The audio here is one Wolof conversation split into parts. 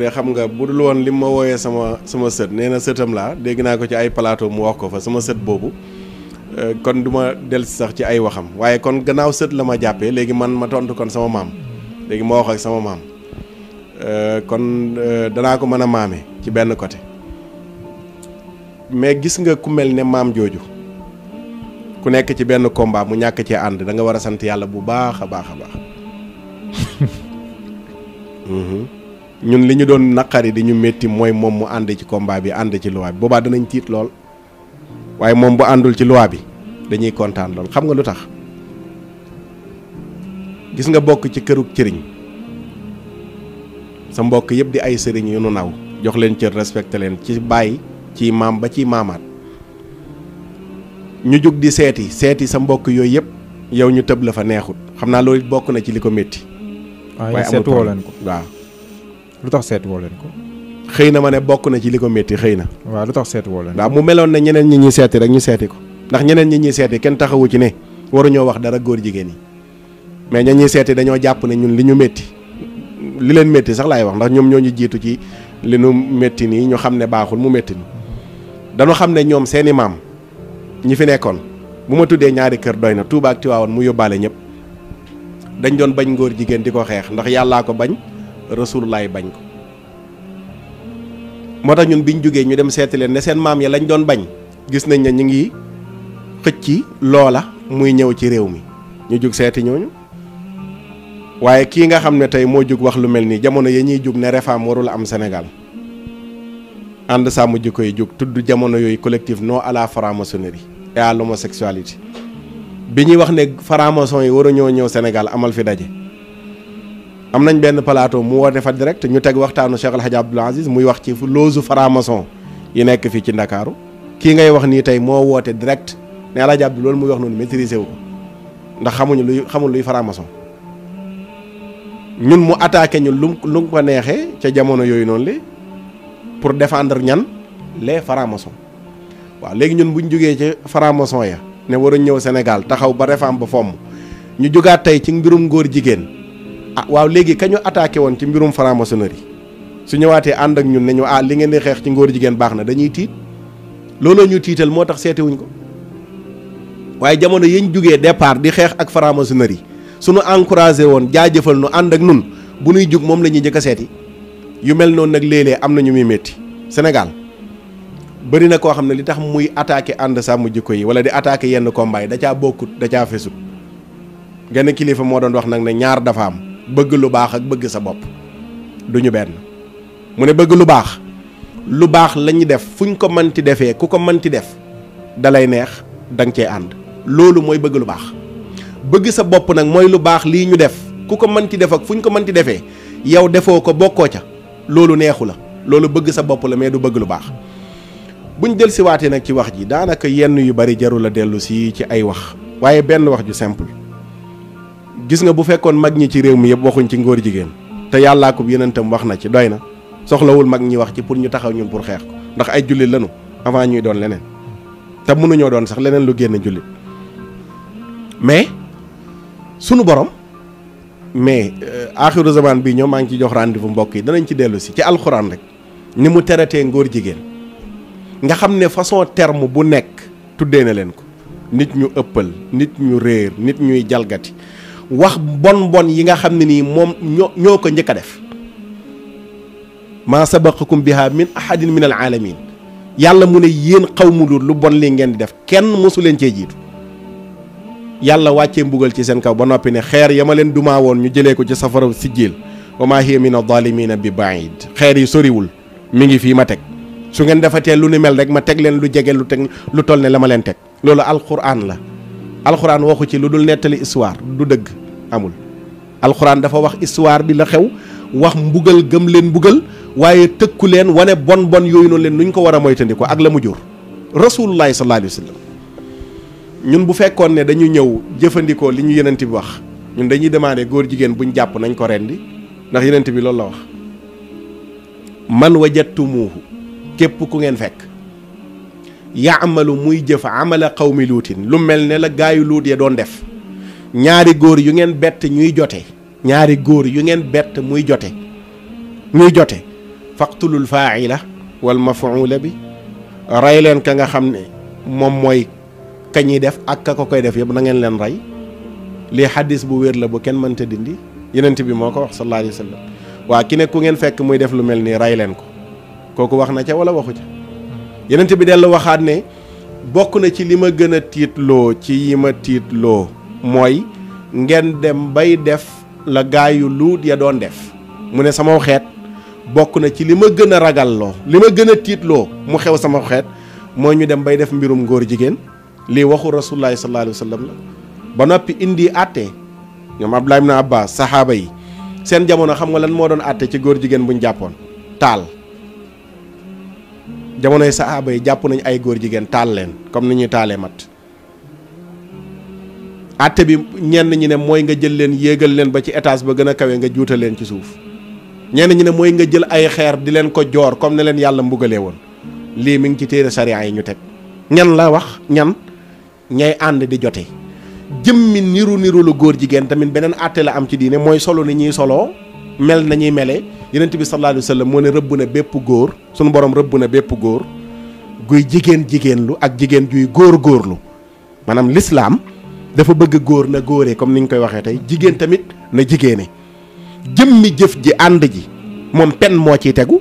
ne xam nga bu dul woon lim ma woyé sama sama sët nee na la laa dégg ko ci ay plateau mu wax ko fa sama sët bobu euh, kon duma del sax ci ay waxam waye kon gannaaw sët lama jappé jàppee man ma tontu kon sama mam, léegi mo wax ak sama maam euh, kon euh, dana ko mën mamé ci benn côté mais gis nga ku mel mam joju ku nek ci benn combat mu ñak cee and da nga wara sante yalla bu baax mhm. ñun li ñu doon naqari di ñu métti mooy moom mu ànd ci kombaa bi ànd ci loi bi boobaa danañ tiit lool waaye moom bu àndul ci loi bi dañuy kontaan lool xam nga lu tax gis nga bokk ci këru cëriñ sa mbokk yëpp di ay sëriñ yu nu naw jox leen cër respecté leen ci bàyyi ci maam ba ciy maamaat ñu jug di seeti seeti sa mbokk yooyu yëpp yow ñu tëb la fa neexut xam naa loolu bokk na ci li ko métti. Ah, waaye seetu woo leen ko lu tax seet woo leen ko. xëy na ma ne bokk na ci li ko métti xëy na. waaw lu tax seet woo leen waaw mu meloon na ñeneen ñi ñuy seeti rek ñu seeti ko ndax ñeneen ñi ñuy seeti kenn taxawu ci ne waruñoo wax dara góor jigéen yi mais ña ñuy seeti dañoo jàpp ne ñun li ñu metti li leen métti sax laay wax ndax ñoom ñoo ñu jiitu ci li nu métti nii ñu xam ne baaxul mu métti ni dañoo xam ne ñoom seeni maam ñi fi nekkoon bu ma tuddee ñaari kër doy na Touba ak Tivaouane mu yóbbaale ñëpp dañ doon bañ ngóor jigéen di ko xeex ndax yàllaa ko bañ rasulullah bañ ko moo tax ñun biñ jógee ñu dem seetalee leen ne seen maam yi lañ doon bañ gis nañ ne ñu ngi xëcc loola muy ñëw ci réew mi ñu jug seeti ñooñu waaye kii nga xam ne tey moo jóg wax lu mel nii jamono yi ñuy jug ne réforme warula am senegal ànd sàmm jikko yi jug tudd jamono yooyu collectif non à la franc-maçonnerie et à bi ñuy wax ne faramason maçon yi waruñoo ñëw senegal amal fi daje am nañ benn plateau mu woote fa direct ñu teg waxtaanu Cheikh El Hadj Abdoul muy wax ci loosu franc-maçon yi nekk fii ci Ndakaaru kii ngay wax nii tey moo woote direct ne El Hadj loolu muy wax noonu maîtriser ko ndax xamuñu luy xamul luy franc ñun mu attaqué ñu lu lu ko neexee ca jamono yooyu noonu li pour défendre ñan les francs waaw léegi ñun buñ jógee ci francs ya ne war a ñëw Sénégal taxaw ba réforme ba fomm ñu jógaat tey ci mbirum góor jigéen Ah, waaw léegi ka ñu attaqué woon ci mbirum franc-maçonnerie su ñëwaatee ànd ak ñun ne ñu ah li ngeen di xeex ci ngóor jigéen baax na dañuy tiit looloo ñu tiital moo tax seetiwuñ ko waaye jamono yiñ jugee départ di xeex ak franc-maçonnerie suñu encouragé woon jaajëfal nu ànd ak nun bu nuy jug moom la ñuy jëkk a seeti yu mel noonu nag léeg am na ñu muy métti Sénégal bëri na koo xam ne li tax muy attaqué ànd sàmm jikko yi wala di attaqué yenn combat da caa bokkut da caa fesut genn kilifa moo doon wax nag ne ñaar dafa am bëgg lu baax ak bëgg sa bopp du ñu benn mu ne bëgg lu baax lu baax la ñu def fu ñu ko mënti defee ku ko mënti def dalay neex da nga ànd loolu mooy bëgg lu baax bëgg sa bopp nag mooy lu baax lii ñu def ku ko mënti def ak fu ñu ko mënti defee yow defoo ko bokkoo ca loolu neexu la loolu bëgg sa bopp la mais du bëgg lu baax buñ dellusiwaatee nag ci wax ji daanaka yenn yu bari jarul a dellu si ci ay wax waaye benn wax ju simple gis nga bu fekkoon mag ñi ci réew mi yëpp waxuñ ci ngóor jigéen te yàllaa ko yonentam wax na ci doy na soxlawul mag ñi wax ci pour ñu taxaw ñun pour xeex ko ndax ay jullit lañu avant ñuy doon leneen te mënuñoo doon sax leneen lu génn jullit mais sunu borom mais aaxiru euh, zaman bi ñoom maa ngi ci jox rendez-vous mbokk yi danañ ci dellu si ci alxuraan rek ni mu teratee ngóor jigéen nga xam ne façon terme bu nekk tuddee na leen ko nit ñu ëppal nit ñu réer nit ñuy jalgati wax bon bon yi nga xamni ni mom moom ñoo ko njëkk def ma sabaqakum biha min ahadin min alalamin yàlla mu ne yéen xaw lu bon li ngeen def kenn musu len ci jitu yàlla wacce mbugal ci sen kaw ba nopi ne xeer yama len duma won ñu jele ko ci safara sijjil wa ma hiya min adh-dhalimin bi baid xeer yi sori wul mi ngi fi ma tek su ngeen defate lu ni mel rek ma tek len lu jege lu teg lu toll ne la ma leen teg alquran la alxuraan waxu ci lu dul nettali histoire du dëgg amul alxuraan dafa wax histoire bi la xew wax mbugal gëm leen mbugal waaye tëkku leen wane bon bon yooyu noonu leen nuñ ko war a moytandikoo ak la mu jur rasulullahi sallallahu alayhi wa sallam ñun bu fekkoon ne dañu ñëw jëfandikoo li ñu yenent bi wax ñun dañuy demandé góor jigéen buñ jàpp nañ ko rendi ndax yenent bi loolu la wax man wajatumuhu képp ku ngeen fekk yaamalu muy jëf amala qawmi lutin lu melne la gaayu lut ya doon def ñaari goor yu ngeen bet ñuy jote ñaari goor yu ngeen bet muy jote muy jote faqtulul fa'ila wal mafuula bi ray leen ka nga xamne mom moy ka def ak ka koy def yeb na ngeen leen ray li hadith bu wér la bu kenn mënta dindi yenente bi moko wax sallallahu alayhi wa ki ne ku ngeen fekk muy def lu melni ray ko koku wax na ca wala waxu ca yenent bi dellu waxaan ne bokk na ci li ma gën a tiitloo ci yi ma tiitloo mooy ngeen dem bay def la gaayu luut ya doon def mu ne sama xeet bokk na ci li ma gën a ragalloo li ma gën a tiitloo mu xew sama xeet mooy ñu dem bay def mbirum góor jigéen lii waxu rasulullaahi sallallaahu alayhi wa la ba noppi indi àtte ñoom Abdullah ibn Abbas saxaaba yi seen jamono xam nga lan moo doon àtte ci góor jigéen buñ jàppoon taal jamonoy saxaaba yi jàpp nañu ay góor jigéen taal leen comme ni ñuy taalee mat atte bi ñenn ñi ne mooy nga jël leen yéegal leen ba ci étage ba gën a kawe nga juutal leen ci suuf ñenn ñi ne mooy nga jël ay xeer di leen ko joor comme ne leen yàlla mbugalee woon lii mi ngi ci téere sariya yi ñu teg ñan la wax ñan ñay ànd di jote jëmmi niru niru lu góor jigéen tamit beneen àtte la am ci diine mooy solo ni ñuy soloo mel nañuy mele yenent bi sallallahu alayhi wa moo ne rëbb na bépp góor sunu boroom rëbb na bépp góor guy jigéen jigéenlu ak jigéen juy góor góorlu maanaam lislaam dafa bëgg góor na góoree comme ni ñu koy waxee tey jigéen tamit na jigéene jëmmi jëf ji ànd ji moom pen moo ciy tegu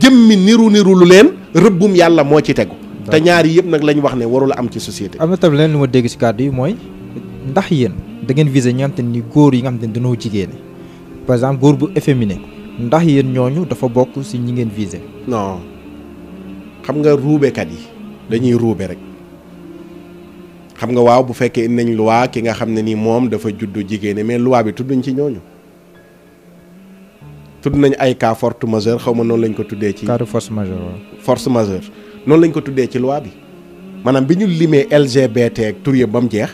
jëmmi niru niru lu leen rëbbum yàlla moo ci tegu te ñaar yi yëpp nag lañ wax ne warul am ci société am na tam leen lu ma dégg ci kàddu yi mooy ndax yéen da ngeen visé ñi nga góor yi nga xam te ni dañoo jigéene par exemple góor bu efféminé ndax yéen ñooñu dafa bokk si ñi ngeen visé. non xam nga ruubekat yi dañuy ruube rek xam nga waaw bu fekkee indi nañ luwaa ki nga xam ne ni moom dafa juddu jigéen mais luwaa bi tudduñ ci ñooñu tudd nañ ay cas force majeure xaw ma noonu lañ ko tuddee ci. cas de force force majeure noonu lañ ko tuddee ci loi bi maanaam bi ñu limee LGBT ak tur ba mu jeex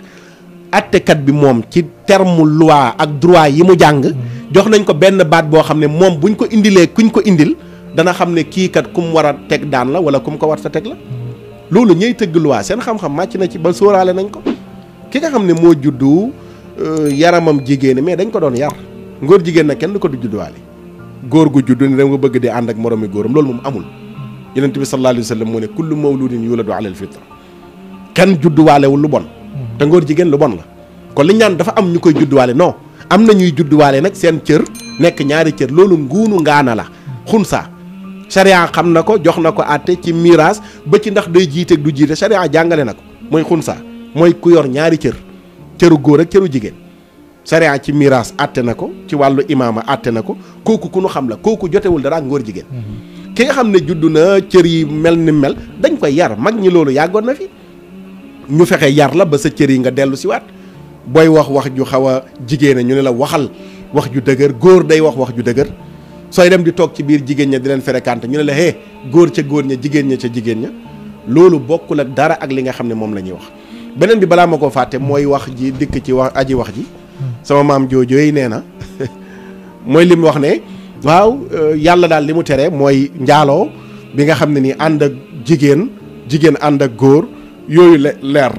attekat bi moom ci terme loi ak droit yi mu jàng. Mm-hmm. jox nañ ko benn baat boo xam ne moom buñ ko indilee kuñ ko indil dana xam ne kii kat kum war a teg daan la wala kum ko war sa teg la loolu ñuy tëgg luwaa seen xam-xam màcc na ci ba sóoraale nañ ko ki nga xam ne moo juddu euh, yaramam jigéen mais dañ ko doon yar ngóor jigéen na kenn du ko du judduwaale góor gu juddu ni da bëgg di ànd ak moromi góoram loolu moom amul yonent bi sallallahu alayhi wa sallam moo ne kullu mawludin yuladu ala alfitra kenn judduwaalewul lu bon hmm. te ngóor jigéen lu bon la kon li ñaan dafa am ñu koy judduwaale non am na ñuy judduwaale nag seen cër nekk ñaari cër loolu nguunu ngaana la xunsa sharia xam na ko jox na ko àtte ci miraas ba ci ndax day jiiteeg du jiite sharia jàngale na ko mooy xunsa mooy ku yor ñaari cër cëru góor ak cëru jigéen sharia ci miraas àtte na ko ci wàllu imaama àtte na ko kooku ku nu xam la kooku jotewul dara ak ngóor jigéen mm-hmm. ki nga xam ne judd na cër yi mel ni mel dañ koy yar mag ñi loolu yàggoon na fi ñu fexe yar la ba sa cër yi nga dellu si booy wax wax ju xaw a jigéen ñu ne la waxal wax ju dëgër góor day wax wax ju dëgër sooy dem di toog ci biir jigéen ña di leen fréquenter ñu ne la hé góor ca góor ña jigéen ña ca jigéen ña loolu bokkul ak dara ak li nga xam ne moom la ñuy wax beneen bi balaa ma koo fàtte mooy wax ji dikk ci wax aji wax ji sama maam joojo nee na mooy li wax ne waaw euh, yàlla daal li mu tere mooy njaaloo bi nga xam ne nii ànd ak jigéen jigéen ànd ak góor yooyu leer la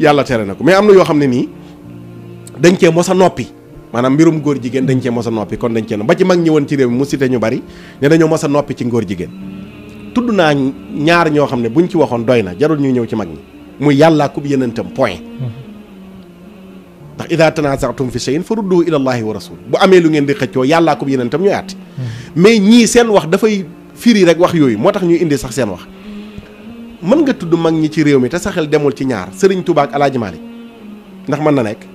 yàlla tere na ko mais am na yoo xam ne nii dañ cee mos a noppi maanaam mbirum góor jigéen dañ cee mos a noppi kon dañ cee ba ci mag ñi woon ci réew mi mu cité ñu bari ne dañoo mos a noppi ci ngóor jigéen tudd naa ñaar ñoo xam ne buñ ci waxoon doy na jarul ñuy ñëw ci mag ñi muy yàllaa kub yenentam point ndax ida tanazatum fi shay'in farudduhu ila allahi wa rasul bu amee lu ngeen di xëccoo yàllaa kub yenentam ñooy àtte mais ñii seen wax dafay firi rek wax yooyu moo tax ñuy indi sax seen wax mën nga tudd mag ñi ci réew mi te sa demul ci ñaar Sëriñ Tuubaa ak Alaaji ndax mën na nekk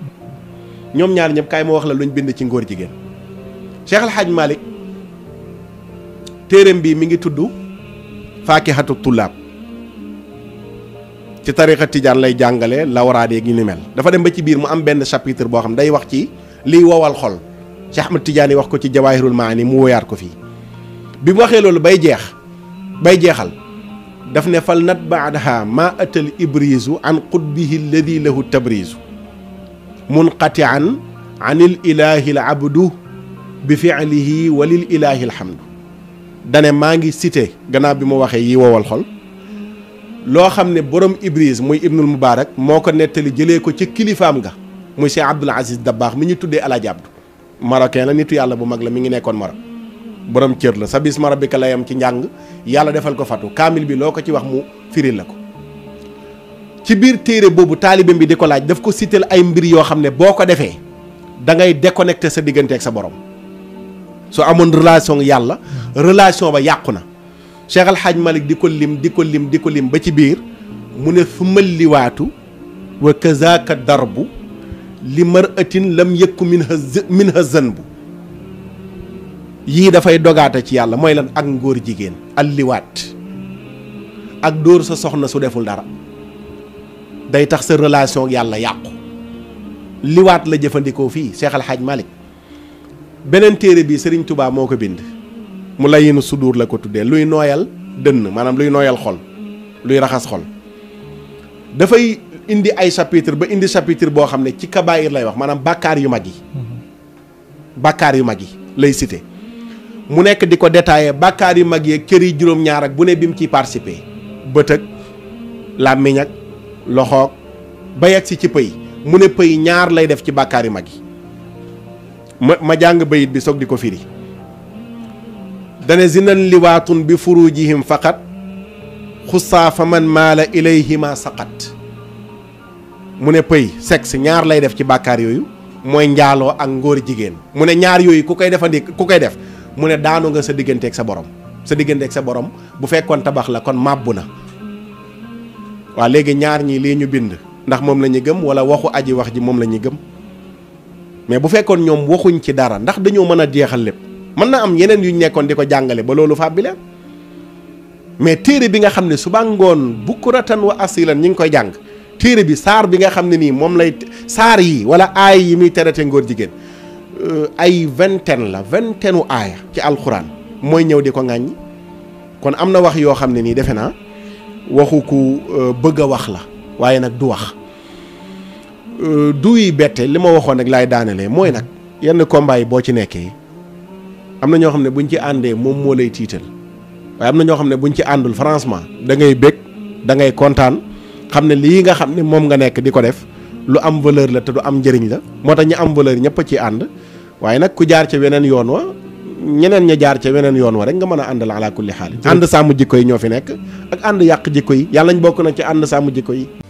ñoom ñaar ñëpp kaay ma wax la luñ bind ci ngóor jigéen Cheikh xaj Hadj Malick téereem bi mi ngi tudd faakihatu tullaab ci tariqa tijaan lay jàngale lawraade gi ni mel dafa dem ba ci biir mu am benn chapitre boo xam day wax ci liy wowal xol Cheikh Ahmad Tidiane wax ko ci jawaahirul maani mu woyaat ko fii bi mu waxee loolu bay jeex bay jeexal daf ne fal nat baadaha ma atal ibrisu an qutbihi alladi lahu tabrisu munqatian anil ilahi l abdu bi fi'lihi walil ilahi alhamdu dane maa ngi cité gannaaw bi mu waxee yi wowal xol loo xam ne borom ibris muy ibnul mubarak moo ko nettali jëlee ko ci kilifaam ga muy Cheikh Abdoul Aziz Dabakh mi ñu tuddee Alaaji Abdu marocain la nitu yàlla bu mag la mi ngi nekkoon Maroc borom cër la sa bis mara bi ka layam ci njàng yàlla defal ko fatu kaamil bi loo ko ci wax mu firil la ko ci bir téré bobu talibé bi diko laaj daf ko sitel ay mbir yo xamné boko défé da ngay déconnecter sa digënté ak sa borom so amone relation yàlla relation ba yakuna Cheikh Al Hadj Malick di lim diko lim diko lim ba ci bir mune ne fu wa kazaka darbu li mar'atin atin lam yëkku min ha min ha zën bu yii dafay ci yàlla moy lan ak ngóor jigéen alliwaat ak dor sa soxna su deful dara day tax sa relation yàlla yàqu liwaat la jëfandikoo fii seexal xaj Hadj beneen téere bi sëriñ tubaab moo ko bind mu layinu suduur la ko tuddee luy nooyal dënn maanaam luy nooyal xol luy raxas xol dafay indi ay chapitre ba indi chapitre boo xam ne ci kabaayir lay wax maanaam bàkkaar yu mag yi mm-hmm. bàkkaar yu mag yi lay site mu nekk di ko détaillé bàkkaar yu mag yi cër yi juróom-ñaar ak bu ne bi mu ciy participé bëtëg ak làmmiñ ak loxoog ba yegg si ci pëy mu ne pëy ñaar lay def ci bàkkaar yu mag yi ma ma jàng bayit bi soog di ko firi dane zinan liwaatun bi furujihim faqat xussaa fa man maala ilayhima saqat mu ne pëy sexe ñaar lay def ci bàkkaar yooyu mooy njaaloo ak ngóor jigéen mu ne ñaar yooyu ku koy defandi ku koy def mu ne daanu nga sa digganteeg sa borom sa digganteeg sa borom bu fekkoon tabax la kon màbbu na waa léegi ñaar ñii lii ñu bind ndax moom la ñuy gëm wala waxu aji wax ji moom la ñuy gëm mais bu fekkoon ñoom waxuñ ci dara ndax dañoo mën a jeexal lépp mën na am yeneen yuñ nekkoon di ko jàngale ba loolu fàbbi leen mais téere bi nga xam ne suba ngoon bukuratan wa asilan ñu ngi koy jàng téere bi saar bi nga xam ne nii moom lay saar yi wala aay yi muy terate ngóor jigéen euh, ay vingtaine la vingtaine u aaya ci alxuraan mooy ñëw di ko ŋàññi kon am na wax yoo xam ne nii defe naa waxu ku euh, bëgg a wax la waaye nag du wax euh, du yi bette li ma waxoon nag laay daanelee mooy nag yenn combat boo ci nekkee am na ñoo xam ne buñ ci àndee moom moo lay tiital waaye am na ñoo xam ne buñ ci àndul franchement da ngay bég da kontaan xam ne lii nga xam ne moom nga nekk di ko def lu am valeur la te du am njëriñ la moo tax ñu am valeur ñëpp a ci ànd waaye nag ku jaar ca weneen yoon wa ñeneen ña jaar ca weneen yoon wa rek nga mën a àndal ala kulli xaal ànd sàmm jikko yi ñoo fi nekk ak ànd yàq jikko yi yàlla ñu bokk na ci ànd sàmm jikko yi